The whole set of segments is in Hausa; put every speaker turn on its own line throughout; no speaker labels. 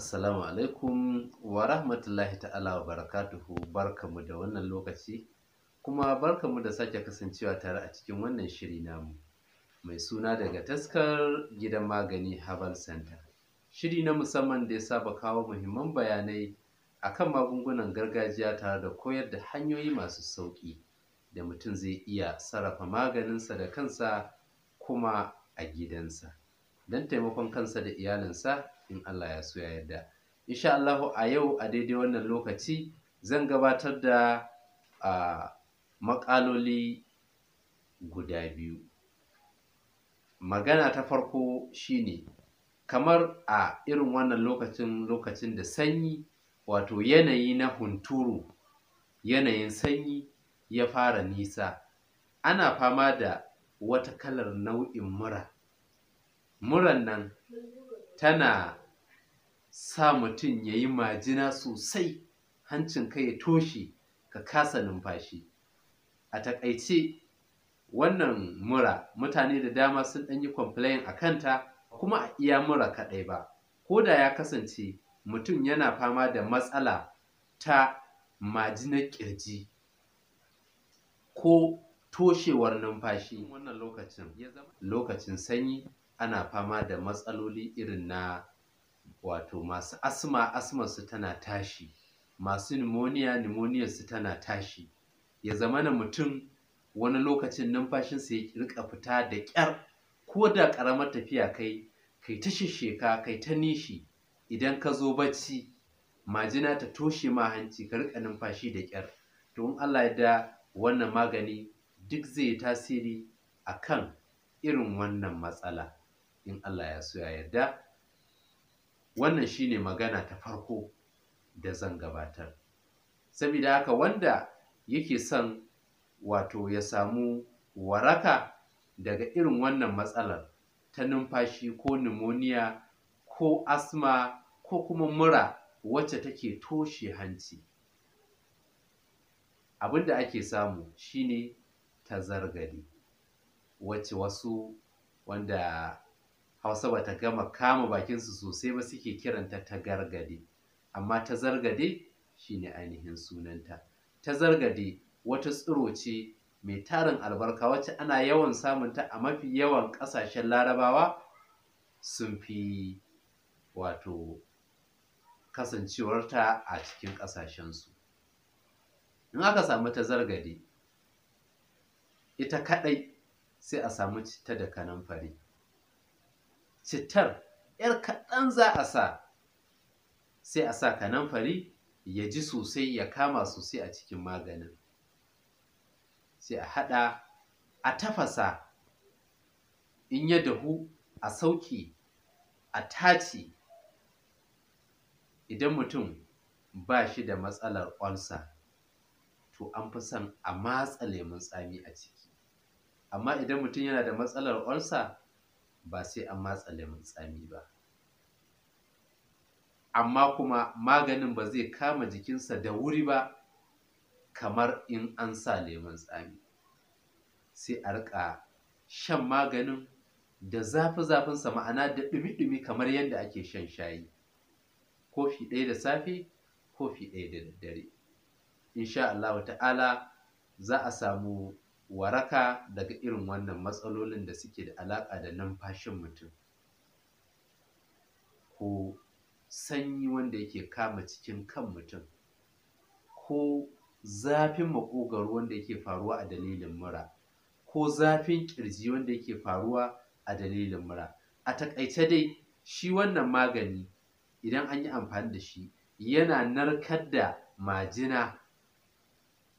Assalamu alaikum wa rahmatullahi ta'ala wa barakatuhu barkamu da wannan lokaci kuma barkamu da sake kasancewa tare a cikin wannan shiri namu mai suna daga taskar gidan magani Herbal Center. Shiri na musamman da ya saba kawo muhimman bayanai akan magungunan gargajiya tare da koyar da hanyoyi masu sauƙi. da mutum zai iya sarrafa maganinsa da kansa kuma a gidansa don taimakon kansa da iyalinsa in Allah ya so ya yarda insha Allah a yau a daidai wannan lokaci zan gabatar da a makaloli guda biyu magana ta farko shine kamar a irin wannan lokacin lokacin da sanyi wato yanayi na hunturu yanayin sanyi ya fara nisa ana fama da wata kalar nau'in mura muran nan tana sa mutum ya yi majina sosai hancin kai ya toshe ka kasa numfashi a takaice wannan mura mutane da dama sun ɗan yi complain a kanta kuma a iya mura kaɗai ba ko da ya kasance mutum yana fama da matsala ta majinar ƙirji ko toshewar numfashi wannan lokacin lokacin sanyi ana fama da matsaloli irin na wato masu asma asma su tana tashi masu pneumonia pneumonia su tana tashi ya zama zamana mutum wani lokacin numfashinsa ya rika fita da ƙyar ko da karamar tafiya kai kai ta shisheka kai ta nishi idan ka zo bacci majina ta toshe ma hanci ka rika numfashi da ƙyar to in Allah ya da wannan magani duk zai yi tasiri a kan irin wannan matsala in Allah ya so ya yarda wannan shine magana ta farko da zan gabatar saboda haka wanda yake son wato ya samu waraka daga irin wannan matsalar ta numfashi ko nimoniya ko asma ko kuma mura wacce take toshe hanci abin da ake samu shine tazargade wacce wasu wanda hausa ba ta gama kama bakinsu sosai ba suke kiranta ta tagargade amma tazargade shine ainihin sunanta tazargade wata tsiro ce mai tarin albarka wacce ana yawan samunta a mafi yawan ƙasashen larabawa sun fi wato kasancewarta a cikin ƙasashensu in aka samu ta zargade ita kaɗai sai a samu citta da kanamfari cittar 'yar kaɗan za a sa sai a sa kanamfari ya ji sosai ya kama sosai a cikin maganin sai a haɗa a tafasa in ya dahu a sauki a taci idan mutum ba shi da matsalar olsa to an fi son a matsa lemun tsami a ciki amma idan mutum yana da matsalar olsa ba sai an matsa lemun tsami ba amma kuma maganin ba zai kama jikinsa da wuri ba kamar in an sa lemun tsami sai a riƙa shan maganin da zafi-zafinsa ma'ana da ɗumi-ɗumi kamar yadda ake shan shayi kofi ɗaya da safe kofi ɗaya da daddare insha Allah ta'ala za a samu waraka daga irin wannan matsalolin da suke da alaƙa da numfashin mutum ko sanyi wanda yake kama cikin kan mutum ko zafin makogaro wanda yake faruwa a dalilin mura ko zafin kirji wanda yake faruwa a dalilin mura a takaice dai shi wannan magani idan an yi amfani da shi yana narkar da majina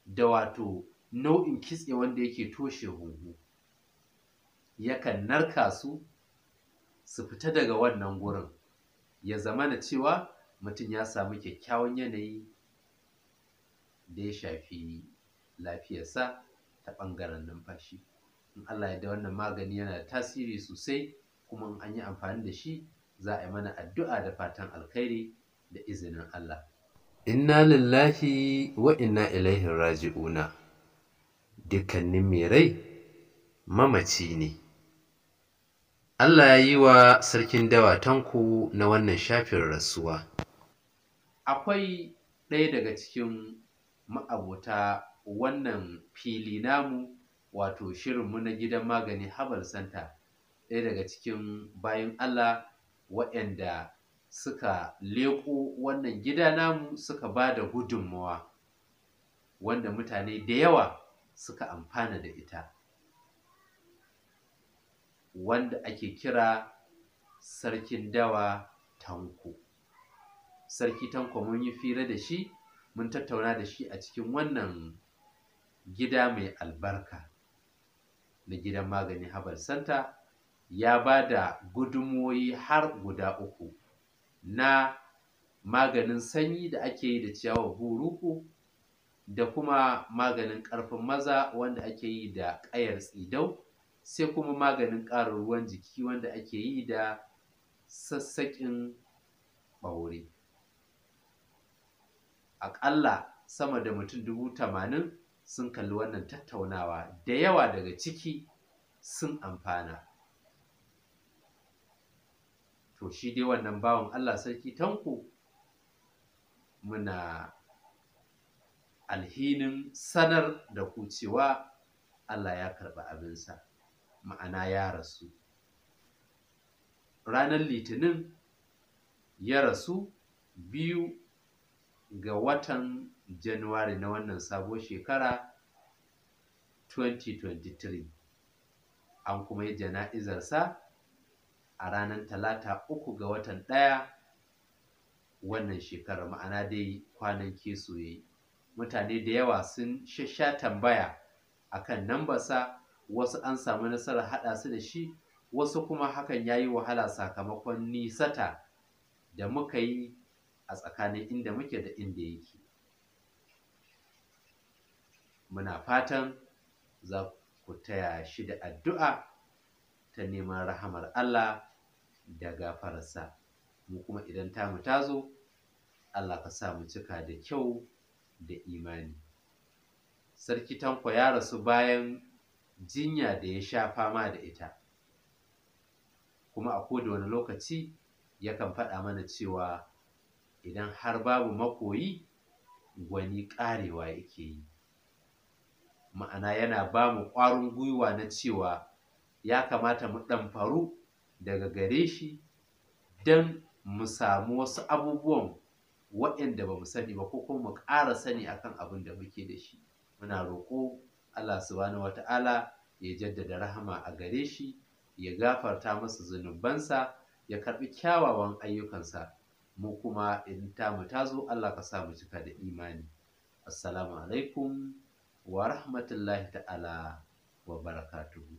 da wato nau'in kitse wanda yake toshe huhu yakan narka su su fita daga wannan gurin ya zama na cewa mutum ya samu kyakkyawan yanayi da ya shafi lafiyarsa ta ɓangaren numfashi in Allah ya da wannan magani yana da tasiri sosai kuma in an yi amfani da shi za a yi mana addu'a da fatan alkhairi da izinin Allah Inna lillahi wa inna ilaihi raji'una. Dukkanin mai rai mamaci ne. Allah ya yi wa sarkin dawa tanku na wannan shafin rasuwa. Akwai ɗaya daga cikin ma'abota wannan fili namu wato shirin mu na gidan magani Habal Santa ɗaya daga cikin bayan Allah waɗanda suka leƙo wannan gida namu suka ba da gudunmawa wanda mutane da yawa suka amfana da ita wanda ake kira sarkin dawa tanko sarki tanko mun yi fira da shi mun tattauna da shi a cikin wannan gida mai albarka na gidan magani habar santa ya ba da gudunmoyi har guda uku na maganin sanyi da ake yi da ciyawar huruku da kuma maganin ƙarfin maza wanda ake yi da ƙayar tsidau sai kuma maganin ƙarin ruwan jiki wanda ake yi da sassaƙin ɓaure aƙalla sama da mutum dubu tamanin sun kalli wannan tattaunawa da yawa daga ciki sun amfana to shi dai wannan bawan Allah sarki tanko muna alhinin sanar da ku cewa Allah ya karɓi abinsa ma'ana ya rasu ranar litinin ya rasu biyu ga watan januwari na wannan sabuwar shekara 2023 an kuma yi jana'izarsa a ranar talata uku ga watan ɗaya wannan shekarar ma'ana dai kwanan ke ya mutane da yawa sun shasha tambaya akan nambarsa wasu an samu nasarar haɗa su da shi wasu kuma hakan ya yi wahala sakamakon nisata da muka yi a tsakanin inda muke da inda yake muna fatan za ku taya shi da addu'a ta neman rahamar Allah da gafararsa mu kuma idan ta tamu ta zo Allah ka sa mu cika da kyau da imani sarki tanko ya rasu bayan jinya da ya sha fama da ita kuma a koda wani lokaci yakan faɗa mana cewa idan har babu makoyi gwani ƙarewa yake yi ma'ana yana ba mu ƙwarin gwiwa na cewa ya kamata mu ɗamfaru daga gare shi don mu samu wasu abubuwan waɗanda ba mu sani ba ko kuma mu ƙara sani akan abin da muke da shi muna roƙo Allah subhanahu wata'ala ya jaddada rahama a gare shi ya gafarta masa zunubansa ya karɓi kyawawan ayyukansa mu kuma in ta ta zo Allah ka sa mu cika da imani assalamu alaikum wa rahmatullahi ta'ala wa barakatuhu